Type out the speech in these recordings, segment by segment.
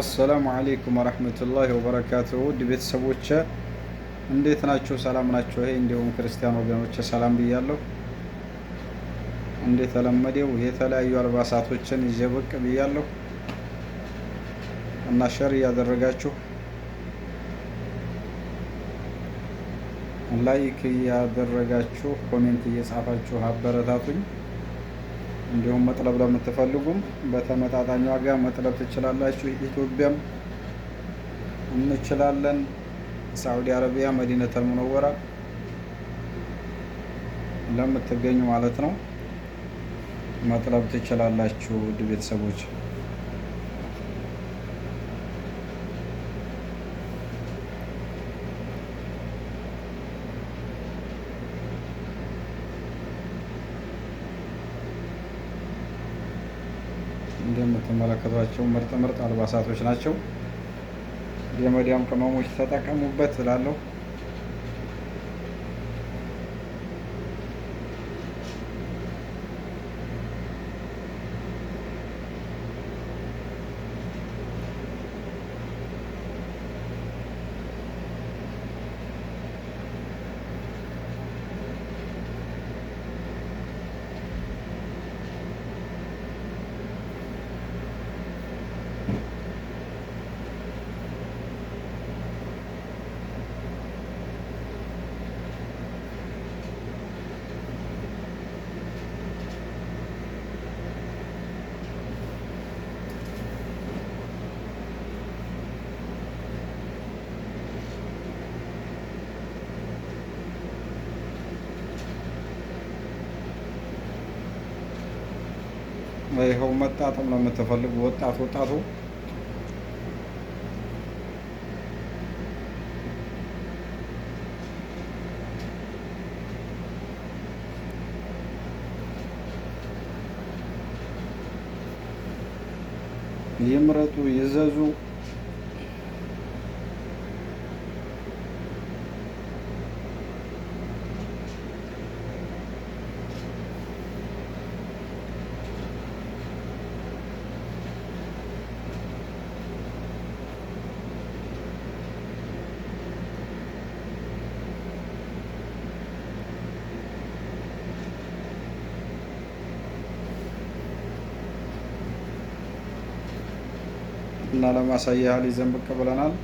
አሰላሙ አለይኩም ወረህመቱላሂ ወበረካቱ። ውድ ቤተሰቦች እንዴት ናቸው? ሰላም ናቸው? ይሄ እንዲሁም ክርስቲያን ወገኖች ሰላም ብያለሁ። እንደተለመደው የተለያዩ አልባሳቶችን ይዤ ብቅ ብያለሁ እና ሸር እያደረጋችሁ ላይክ እያደረጋችሁ ኮሜንት እየጻፋችሁ አበረታቱኝ። እንዲሁም መጥለብ ለምትፈልጉም በተመጣጣኝ ዋጋ መጥለብ ትችላላችሁ። ኢትዮጵያም እንችላለን። ሳዑዲ አረቢያ መዲነት ሙነወራ ለምትገኙ ማለት ነው መጥለብ ትችላላችሁ ውድ ቤተሰቦች። የምትመለከቷቸው ምርጥ ምርጥ አልባሳቶች ናቸው። የመዲያም ቅመሞች ተጠቀሙበት ስላለሁ ይኸው መጣጥም ነው የምትፈልጉ ወጣት ወጣቱ ይምረጡ ይዘዙ እና ለማሳያ ያህል ይዘን ብቅ ብለናል።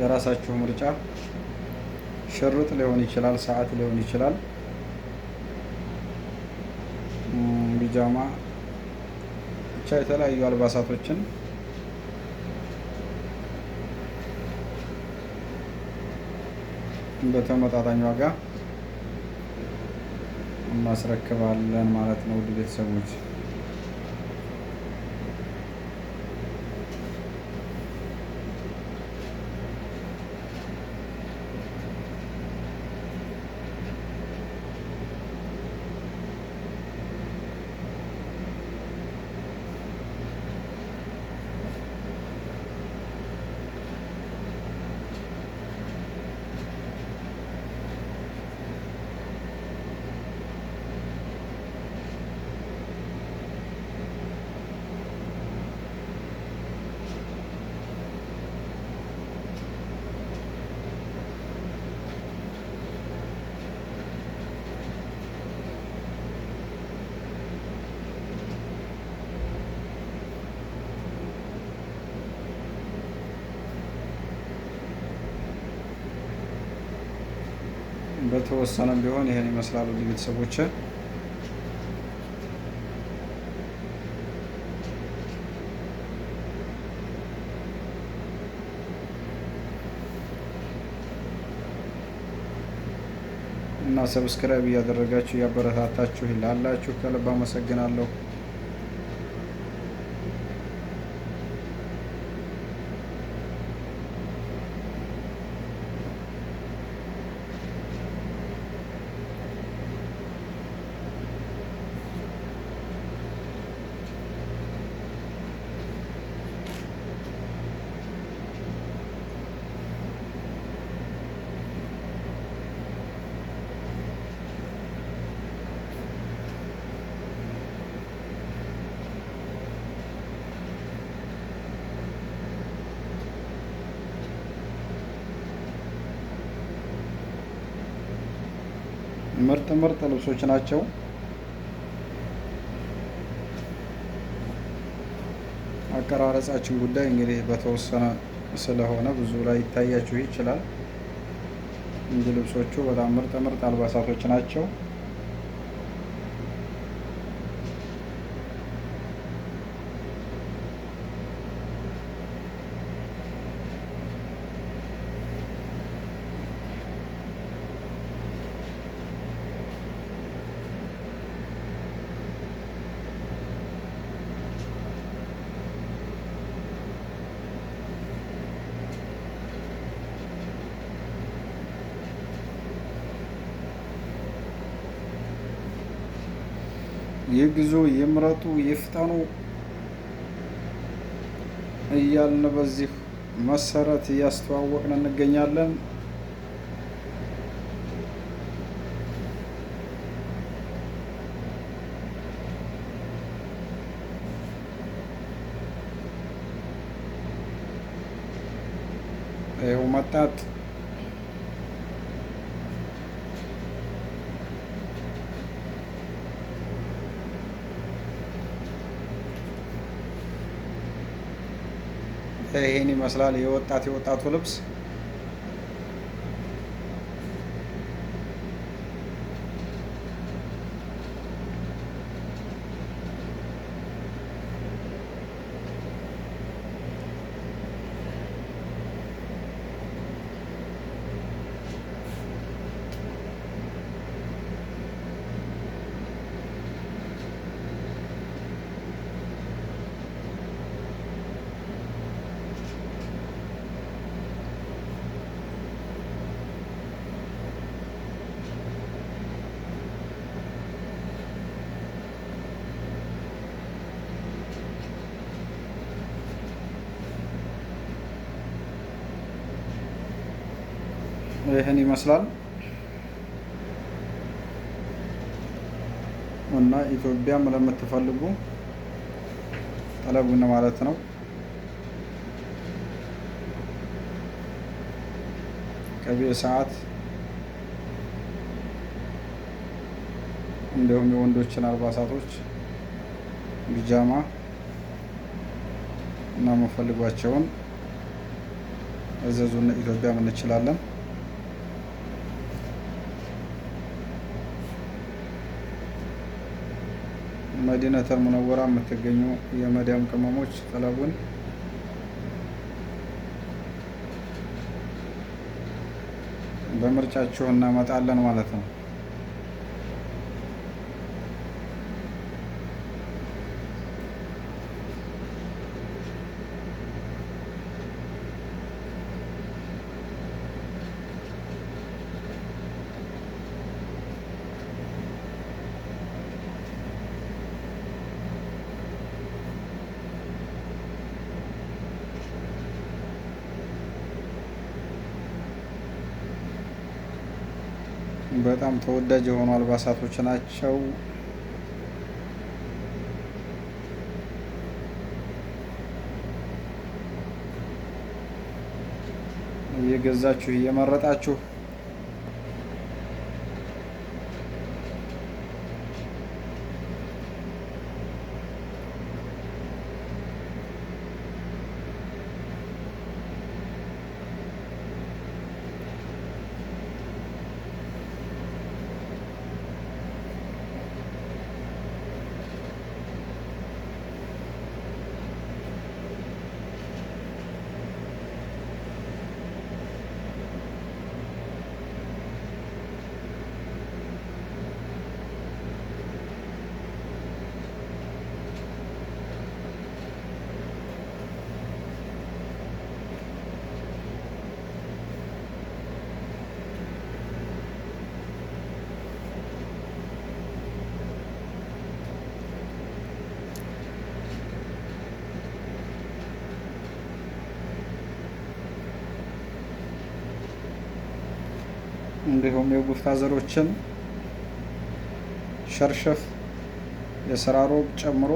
የራሳችሁ ምርጫ ሽርጥ ሊሆን ይችላል፣ ሰዓት ሊሆን ይችላል፣ ቢጃማ ብቻ የተለያዩ አልባሳቶችን በተመጣጣኝ ዋጋ እናስረክባለን ማለት ነው ውድ ቤተሰቦች። በተወሰነም ቢሆን ይሄን ይመስላሉ ቤተሰቦች። እና ሰብስክራይብ እያደረጋችሁ እያበረታታችሁ ላላችሁ ከልብ አመሰግናለሁ። ምርጥ ምርጥ ልብሶች ናቸው። አቀራረጻችን ጉዳይ እንግዲህ በተወሰነ ስለሆነ ብዙ ላይ ይታያችሁ ይችላል እንጂ ልብሶቹ በጣም ምርጥ ምርጥ አልባሳቶች ናቸው። የግዞ የምረጡ የፍጠኑ እያልን በዚህ መሰረት እያስተዋወቅን እንገኛለን። ይኸው መጣት ይሄን ይመስላል የወጣት የወጣቱ ልብስ ይህን ይመስላል እና ኢትዮጵያም ለምትፈልጉ ጠለቡን ማለት ነው። ቅቤ ሰዓት እንዲሁም የወንዶችን አልባሳቶች ቢጃማ እና መፈልጓቸውን እዘዙን። ኢትዮጵያም እንችላለን። መዲነተል ሙነወራ የምትገኙ የመዳም ቅመሞች ጠለቡን በምርጫችሁ እናመጣለን ማለት ነው። በጣም ተወዳጅ የሆኑ አልባሳቶች ናቸው። እየገዛችሁ እየመረጣችሁ እንዲሁም የጉፍታ ዘሮችን ሸርሸፍ፣ የስራሮግ ጨምሮ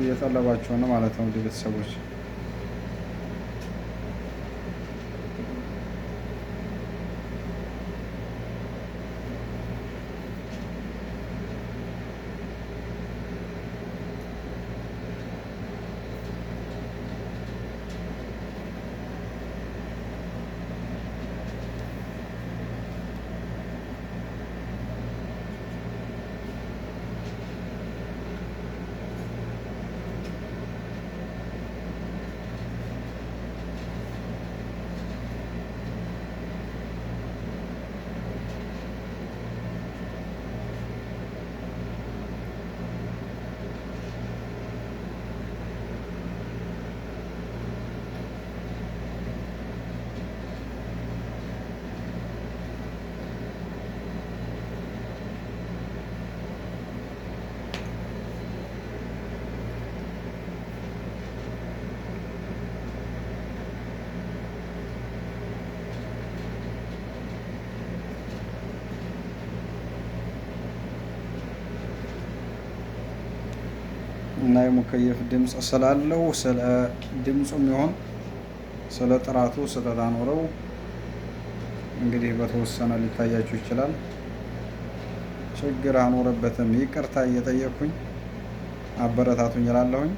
እየጠለባቸው ነው ማለት ነው። እንዲህ ቤተሰቦች እና የሙከየፍ ድምፅ ስላለው ስለ ድምፁ ሚሆን ስለ ጥራቱ ስለታኖረው እንግዲህ በተወሰነ ሊታያችሁ ይችላል። ችግር አኖረበትም ይቅርታ እየጠየቅኩኝ አበረታቱኝ እላለሁኝ።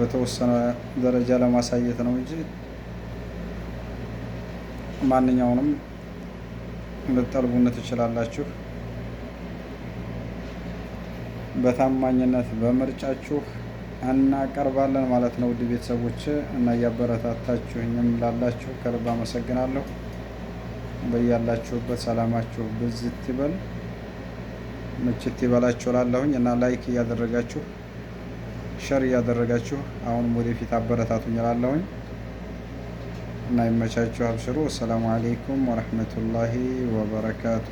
በተወሰነ ደረጃ ለማሳየት ነው እንጂ ማንኛውንም ልትጠልቡነት ትችላላችሁ። በታማኝነት በምርጫችሁ እናቀርባለን ማለት ነው። ውድ ቤተሰቦች እና እያበረታታችሁኝም ላላችሁ ከልብ አመሰግናለሁ። በያላችሁበት ሰላማችሁ ብዝት ይበል ምችት ይበላችሁ ላለሁኝ እና ላይክ እያደረጋችሁ ሸር እያደረጋችሁ አሁንም ወደፊት አበረታቱኝ ላለሁኝ እና ይመቻችሁ። አብሽሩ። አሰላሙ አሌይኩም ወረህመቱላሂ ወበረካቱ።